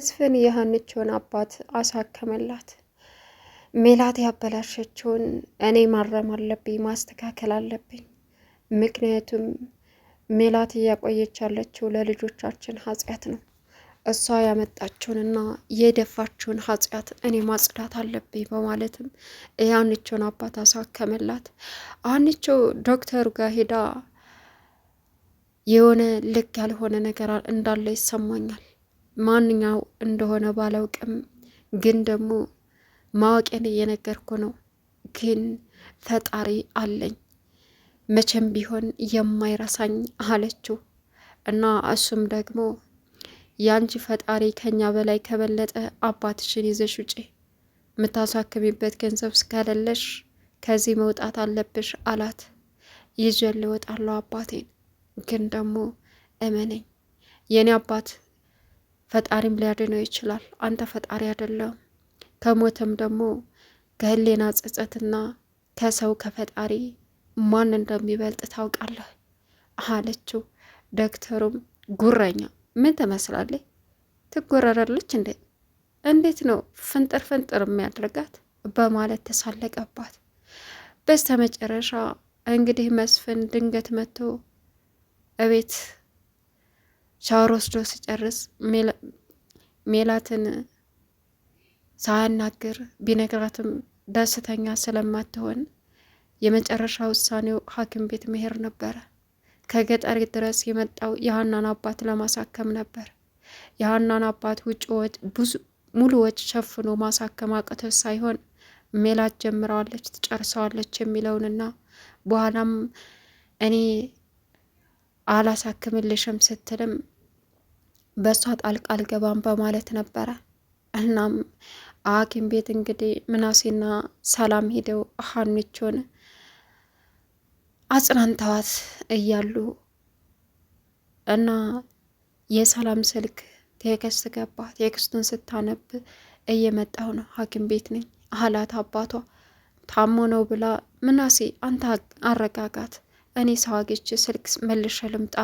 መስፍን የሀንቾን አባት አሳከመላት። ሜላት ያበላሸችውን እኔ ማረም አለብኝ፣ ማስተካከል አለብኝ። ምክንያቱም ሜላት እያቆየች ያለችው ለልጆቻችን ኃጢአት ነው። እሷ ያመጣችውንና የደፋችውን ኃጢአት እኔ ማጽዳት አለብኝ በማለትም የሀንቾን አባት አሳከመላት። ሀንቾ ዶክተሩ ጋር ሄዳ የሆነ ልክ ያልሆነ ነገር እንዳለ ይሰማኛል ማንኛው እንደሆነ ባላውቅም ግን ደግሞ ማወቄን እየነገርኩ ነው። ግን ፈጣሪ አለኝ መቼም ቢሆን የማይረሳኝ አለችው እና እሱም ደግሞ የአንቺ ፈጣሪ ከኛ በላይ ከበለጠ አባትሽን ይዘሽ ውጪ፣ የምታሳክሚበት ገንዘብ እስከሌለሽ ከዚህ መውጣት አለብሽ አላት። ይዤ ልወጣለሁ አባቴን፣ ግን ደግሞ እመነኝ የኔ አባት ፈጣሪም ሊያድነው ይችላል። አንተ ፈጣሪ አይደለም። ከሞትም ደግሞ ከህሌና ጸጸትና ከሰው ከፈጣሪ ማን እንደሚበልጥ ታውቃለህ አለችው። ዶክተሩም ጉረኛ ምን ትመስላለች? ትጎረረለች እንዴ? እንዴት ነው ፍንጥር ፍንጥር የሚያደርጋት በማለት ተሳለቀባት። በስተመጨረሻ እንግዲህ መስፍን ድንገት መጥቶ እቤት ሻወር ወስዶ ሲጨርስ ሜላትን ሳያናግር ቢነግራትም ደስተኛ ስለማትሆን የመጨረሻ ውሳኔው ሐኪም ቤት መሄድ ነበረ። ከገጠር ድረስ የመጣው የሀናን አባት ለማሳከም ነበር። የሀናን አባት ውጭ ወጭ ብዙ ሙሉ ወጭ ሸፍኖ ማሳከም አቅቶት ሳይሆን ሜላት ጀምረዋለች፣ ትጨርሰዋለች የሚለውንና በኋላም እኔ አላሳክምልሽም ስትልም በእሷ ጣልቃ አልገባም በማለት ነበረ። እናም ሐኪም ቤት እንግዲህ ምናሴና ሰላም ሄደው ሀኒቾን አጽናንተዋት እያሉ እና የሰላም ስልክ ቴክስት ገባ። ቴክስቱን ስታነብ እየመጣሁ ነው ሐኪም ቤት ነኝ አላት አባቷ ታሞ ነው ብላ ምናሴ አንተ አረጋጋት እኔ ሰው ስልክ መልሼ ልምጣ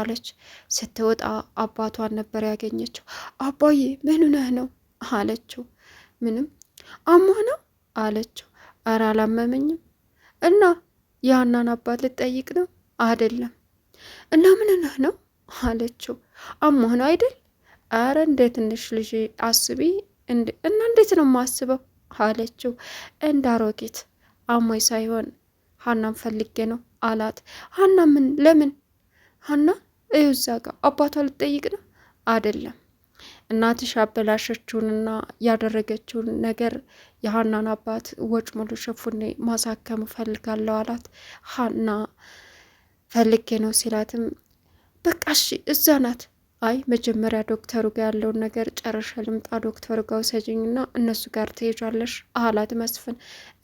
ስትወጣ አባቷን ነበር ያገኘችው። አባዬ ምን ነህ ነው አለችው። ምንም አማ ነው አለችው። ኧረ አላመመኝም። እና ያናን አባት ልጠይቅ ነው? አይደለም። እና ምን ነህ ነው አለችው። አማ ነው አይደል? አረ እንደ ትንሽ ልጅ አስቢ እና እንዴት ነው የማስበው አለችው። እንደ አሞይ ሳይሆን ሀናን ፈልጌ ነው አላት። ሀና ምን ለምን ሀና እዩ እዛ ጋር አባቷ ልጠይቅ ነው አደለም እናትሽ አበላሸችውንና ያደረገችውን ነገር የሀናን አባት ወጭ ሙሉ ሸፉኔ ማሳከም ፈልጋለሁ አላት። ሀና ፈልጌ ነው ሲላትም በቃ እሺ እዛ ናት አይ መጀመሪያ ዶክተሩ ጋር ያለውን ነገር ጨረሻ ልምጣ፣ ዶክተሩ ጋር ውሰጅኝ ና እነሱ ጋር ትሄጃለሽ አላት መስፍን።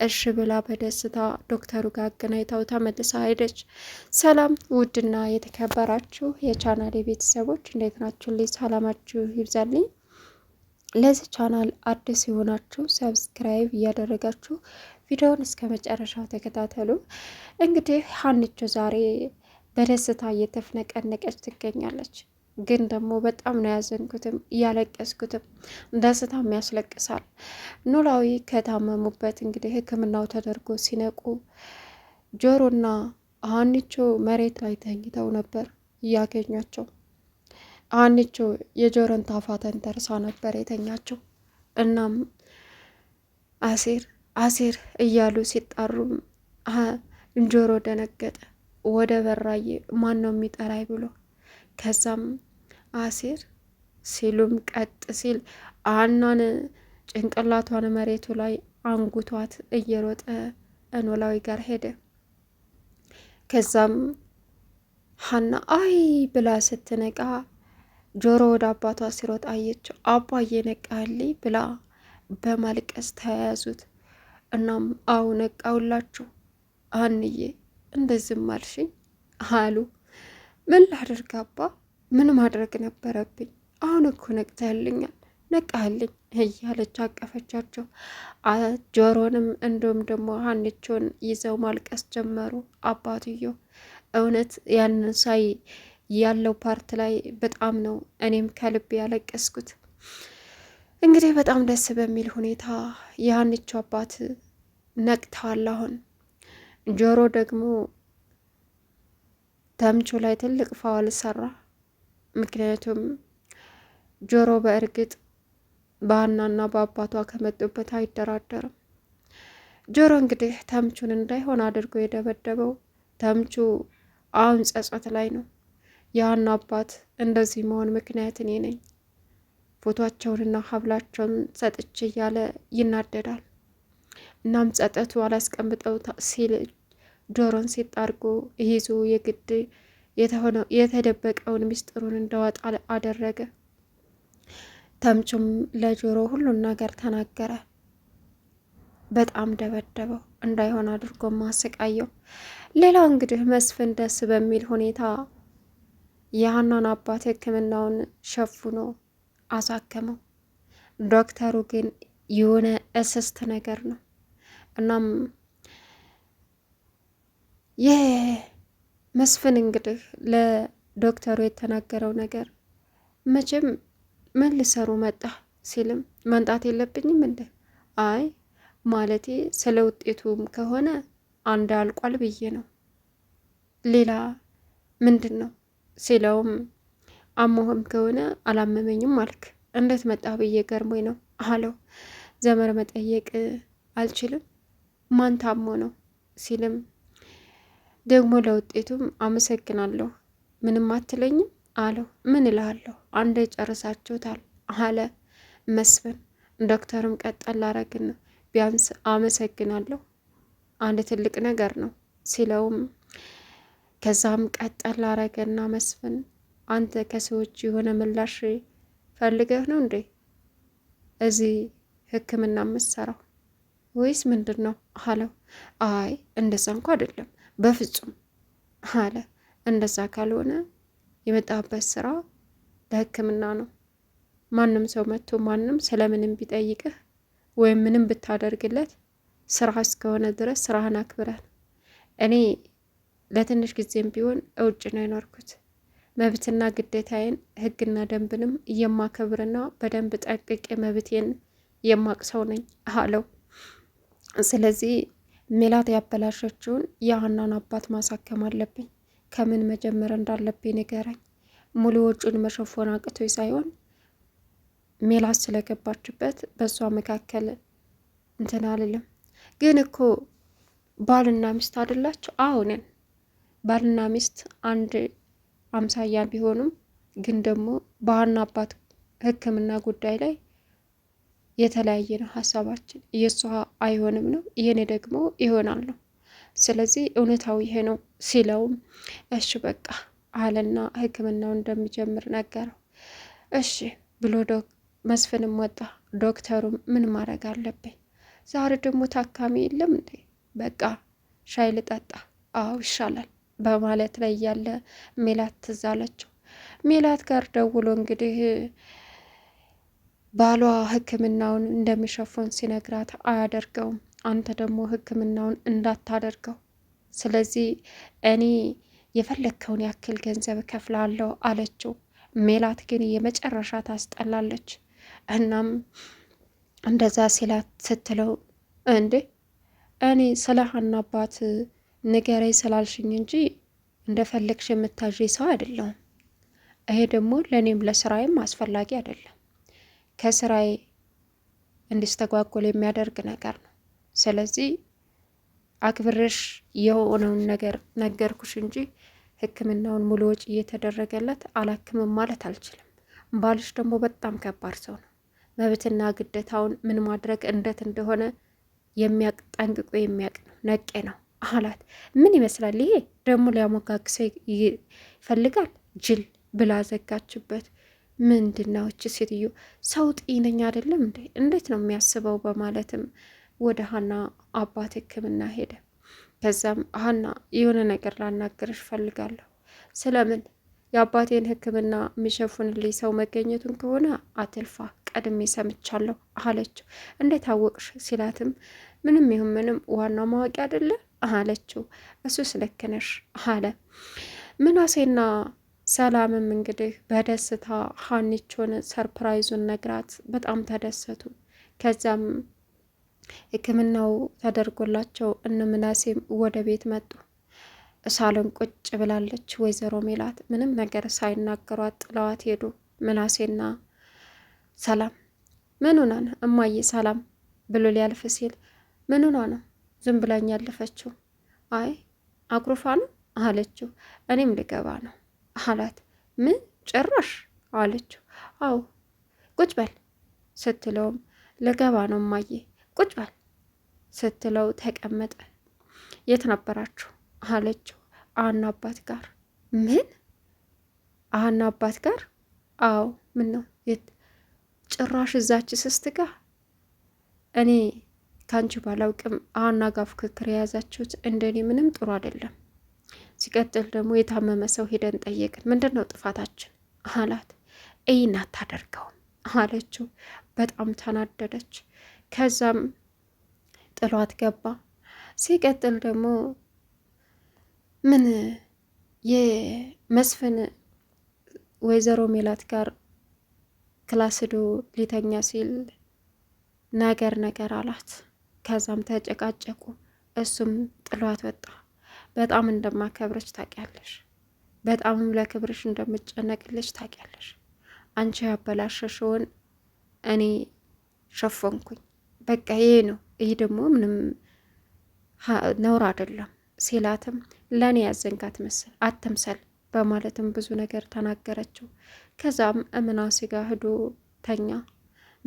እሺ ብላ በደስታ ዶክተሩ ጋር አገናኝታው ተመልሳ ሄደች። ሰላም ውድና የተከበራችሁ የቻናሌ ቤተሰቦች እንዴት ናችሁ? ልይ ሰላማችሁ ይብዛልኝ። ለዚህ ቻናል አዲስ የሆናችሁ ሰብስክራይብ እያደረጋችሁ ቪዲዮውን እስከ መጨረሻው ተከታተሉ። እንግዲህ ሀኒቾ ዛሬ በደስታ እየተፍነቀነቀች ትገኛለች። ግን ደግሞ በጣም ነው ያዘንኩትም እያለቀስኩትም ደስታም ያስለቅሳል። ኖላዊ ከታመሙበት እንግዲህ ሕክምናው ተደርጎ ሲነቁ ጆሮና ሀኒቾ መሬት ላይ ተኝተው ነበር እያገኟቸው። ሀኒቾ የጆሮን ታፋተን ተርሳ ነበር የተኛቸው። እናም አሴር አሴር እያሉ ሲጣሩ ጆሮ ደነገጠ። ወደ በራዬ ማን ነው የሚጠራይ ብሎ ከዛም አሲር ሲሉም ቀጥ ሲል አናን ጭንቅላቷን መሬቱ ላይ አንጉቷት እየሮጠ እኖላዊ ጋር ሄደ። ከዛም ሀና አይ ብላ ስትነቃ ጆሮ ወደ አባቷ ሲሮጥ አየችው። አባ እየነቃልኝ ብላ በማልቀስ ተያያዙት። እናም አው ነቃውላችሁ አንዬ እንደዚህም አልሽኝ አሉ። ምን ላድርግ አባ ምን ማድረግ ነበረብኝ? አሁን እኮ ነቅተህልኛል፣ ነቃህልኝ እያለች አቀፈቻቸው። ጆሮንም እንዲሁም ደግሞ ሀንቾን ይዘው ማልቀስ ጀመሩ። አባትየው እውነት ያንን ሳይ ያለው ፓርት ላይ በጣም ነው እኔም ከልብ ያለቀስኩት። እንግዲህ በጣም ደስ በሚል ሁኔታ የሀንቾ አባት ነቅተዋል። አሁን ጆሮ ደግሞ ተምቹ ላይ ትልቅ ፋውል ሰራ። ምክንያቱም ጆሮ በእርግጥ በሀናና በአባቷ ከመጡበት አይደራደርም። ጆሮ እንግዲህ ተምቹን እንዳይሆን አድርጎ የደበደበው ተምቹ አሁን ጸጸት ላይ ነው። የሀና አባት እንደዚህ መሆን ምክንያት እኔ ነኝ፣ ፎቷቸውንና ሀብላቸውን ሰጥች እያለ ይናደዳል። እናም ጸጠቱ አላስቀምጠው ሲል ጆሮን ሲጣርጎ ይዞ የግድ የተደበቀውን ምስጢሩን እንደወጣ አደረገ። ተምቹም ለጆሮ ሁሉን ነገር ተናገረ። በጣም ደበደበው፣ እንዳይሆን አድርጎ ማሰቃየው። ሌላው እንግዲህ መስፍን ደስ በሚል ሁኔታ የሀናን አባት ሕክምናውን ሸፍኖ አሳከመው። ዶክተሩ ግን የሆነ እስስት ነገር ነው። እናም ይህ መስፍን እንግዲህ ለዶክተሩ የተናገረው ነገር መቼም ምን ልሰሩ መጣ ሲልም መምጣት የለብኝም እንዴ? አይ ማለቴ ስለ ውጤቱም ከሆነ አንድ አልቋል ብዬ ነው ሌላ ምንድን ነው ሲለውም አሞህም ከሆነ አላመመኝም አልክ እንዴት መጣ ብዬ ገርሞኝ ነው አለው ዘመር መጠየቅ አልችልም ማን ታሞ ነው ሲልም ደግሞ ለውጤቱም አመሰግናለሁ። ምንም አትለኝም አለው። ምን እልሃለሁ አንዴ ጨርሳችሁታል አለ መስፍን። ዶክተርም ቀጠል አረግና ቢያንስ አመሰግናለሁ አንድ ትልቅ ነገር ነው ሲለውም ከዛም ቀጠል አረገና መስፍን አንተ ከሰዎች የሆነ ምላሽ ፈልገህ ነው እንዴ እዚህ ህክምና የምትሰራው ወይስ ምንድን ነው አለው። አይ እንደዛ እንኳ አይደለም በፍጹም አለ። እንደዛ ካልሆነ የመጣበት ስራ ለህክምና ነው። ማንም ሰው መጥቶ ማንም ስለምንም ቢጠይቅህ ወይም ምንም ብታደርግለት ስራ እስከሆነ ድረስ ስራህን አክብረን። እኔ ለትንሽ ጊዜም ቢሆን እውጭ ነው የኖርኩት። መብትና ግዴታዬን ህግና ደንብንም የማከብርና በደንብ ጠቅቄ መብቴን የማቅሰው ነኝ አለው። ስለዚህ ሜላት ያበላሸችውን የሀናን አባት ማሳከም አለብኝ። ከምን መጀመር እንዳለብኝ ንገረኝ። ሙሉ ወጪውን መሸፎን አቅቶ ሳይሆን ሜላት ስለገባችበት በእሷ መካከል እንትን አልልም። ግን እኮ ባልና ሚስት አይደላችሁ? አሁንን ባልና ሚስት አንድ አምሳያ ቢሆኑም ግን ደግሞ በሀና አባት ሕክምና ጉዳይ ላይ የተለያየ ነው ሀሳባችን። የእሷ አይሆንም ነው የኔ ደግሞ ይሆናል ነው። ስለዚህ እውነታው ይሄ ነው ሲለውም እሺ በቃ አለና ሕክምናው እንደሚጀምር ነገረው። እሺ ብሎ መስፍንም ወጣ። ዶክተሩም ምን ማድረግ አለብኝ ዛሬ ደግሞ ታካሚ የለም እንዴ? በቃ ሻይ ልጠጣ፣ አዎ ይሻላል በማለት ላይ ያለ ሜላት ትዝ አለችው። ሜላት ጋር ደውሎ እንግዲህ ባሏ ሕክምናውን እንደሚሸፍን ሲነግራት አያደርገውም። አንተ ደግሞ ሕክምናውን እንዳታደርገው፣ ስለዚህ እኔ የፈለግከውን ያክል ገንዘብ እከፍላለሁ አለችው። ሜላት ግን የመጨረሻ ታስጠላለች። እናም እንደዛ ሲላት ስትለው እንዴ እኔ ስለ ሀና አባት ንገረኝ ስላልሽኝ እንጂ እንደፈለግሽ የምታዥ ሰው አይደለሁም። ይሄ ደግሞ ለእኔም ለስራዬም አስፈላጊ አይደለም። ከስራዬ እንዲስተጓጎል የሚያደርግ ነገር ነው። ስለዚህ አክብርሽ የሆነውን ነገር ነገርኩሽ እንጂ ሕክምናውን ሙሉ ወጪ እየተደረገለት አላክምም ማለት አልችልም። ባልሽ ደግሞ በጣም ከባድ ሰው ነው። መብትና ግዴታውን ምን ማድረግ እንዴት እንደሆነ የሚያቅ ጠንቅቆ የሚያቅ ነው። ነቄ ነው አላት። ምን ይመስላል ይሄ ደግሞ ሊያሞጋግሰ ይፈልጋል ጅል ብላ ዘጋችበት። ነው እች ሴትዮ ሰው ጤነኛ አይደለም እንዴ? እንዴት ነው የሚያስበው? በማለትም ወደ ሀና አባት ሕክምና ሄደ። ከዛም ሀና የሆነ ነገር ላናገርሽ ፈልጋለሁ። ስለምን የአባቴን ሕክምና የሚሸፍንልኝ ሰው መገኘቱን ከሆነ አትልፋ፣ ቀድሜ ሰምቻለሁ አለችው። እንዴት አወቅሽ ሲላትም ምንም ይሁን ምንም ዋናው ማወቂ አይደለ አለችው። እሱስ ልክ ነሽ አለ ምናሴና ሰላምም እንግዲህ በደስታ ሀኒቾን ሰርፕራይዙን ነግራት በጣም ተደሰቱ። ከዚያም ሕክምናው ተደርጎላቸው እነምናሴም ወደ ቤት መጡ። ሳሎን ቁጭ ብላለች ወይዘሮ ሜላት። ምንም ነገር ሳይናገሯት ጥለዋት ሄዱ። ምናሴና ሰላም ምን ነው እማዬ ሰላም ብሎ ሊያልፍ ሲል ምን ነው ዝም ብላኝ ያለፈችው? አይ አኩርፋ ነው አለችው። እኔም ልገባ ነው አላት። ምን ጭራሽ አለችው። አዎ ቁጭ በል ስትለውም ልገባ ነው ማየ ቁጭ በል ስትለው ተቀመጠ። የት ነበራችሁ አለችው። አና አባት ጋር። ምን አና አባት ጋር? አዎ ምን ነው የት ጭራሽ እዛች ስስት ጋር እኔ ከአንቺ ባላውቅም አና ጋር ፍክክር የያዛችሁት እንደኔ ምንም ጥሩ አይደለም። ሲቀጥል ደግሞ የታመመ ሰው ሄደን ጠየቅን። ምንድን ነው ጥፋታችን አላት። እይን አታደርገውም አለችው። በጣም ተናደደች። ከዛም ጥሏት ገባ። ሲቀጥል ደግሞ ምን የመስፍን ወይዘሮ ሜላት ጋር ክላስዶ ሊተኛ ሲል ነገር ነገር አላት። ከዛም ተጨቃጨቁ። እሱም ጥሏት ወጣ። በጣም እንደማከብረች ታውቂያለሽ። በጣምም ለክብርሽ እንደምጨነቅልሽ ታውቂያለሽ። አንቺ ያበላሸሽውን እኔ ሸፈንኩኝ። በቃ ይሄ ነው። ይህ ደግሞ ምንም ነውር አይደለም ሲላትም ለእኔ ያዘንጋት መስል አትምሰል በማለትም ብዙ ነገር ተናገረችው። ከዛም ምናሴ ጋር ሂዶ ተኛ።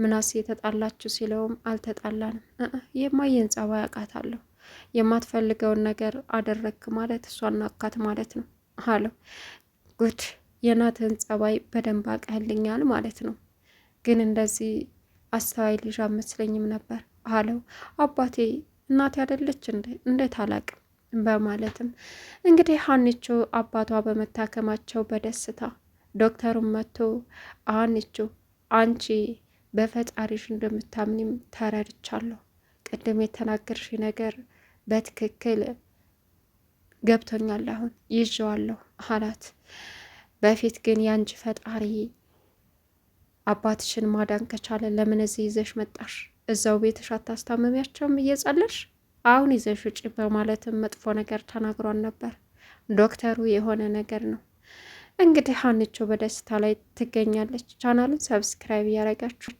ምናሴ የተጣላችሁ ሲለውም አልተጣላንም የማየን ጸባይ አውቃታለሁ የማትፈልገውን ነገር አደረግክ ማለት እሷን ናካት ማለት ነው አለው። ጉድ የናትህን ጸባይ በደንብ አቀህልኛል ማለት ነው። ግን እንደዚህ አስተዋይ ልጅ አመስለኝም ነበር አለው። አባቴ እናቴ አይደለች እንዴ እንዴት አላቅም በማለትም እንግዲህ ሀኒቾ አባቷ በመታከማቸው በደስታ ዶክተሩም መጥቶ ሀኒቾ አንቺ በፈጣሪሽ እንደምታምኒም ተረድቻለሁ። ቅድም የተናገርሽ ነገር በትክክል ገብቶኛል፣ አሁን ይዤዋለሁ አላት። በፊት ግን የአንቺ ፈጣሪ አባትሽን ማዳን ከቻለ ለምን እዚህ ይዘሽ መጣሽ? እዛው ቤትሽ አታስታመሚያቸውም እየጸለሽ አሁን ይዘሽ ውጪ በማለትም መጥፎ ነገር ተናግሯን ነበር። ዶክተሩ የሆነ ነገር ነው እንግዲህ። ሀንቾ በደስታ ላይ ትገኛለች። ቻናሉን ሰብስክራይብ እያረጋችሁ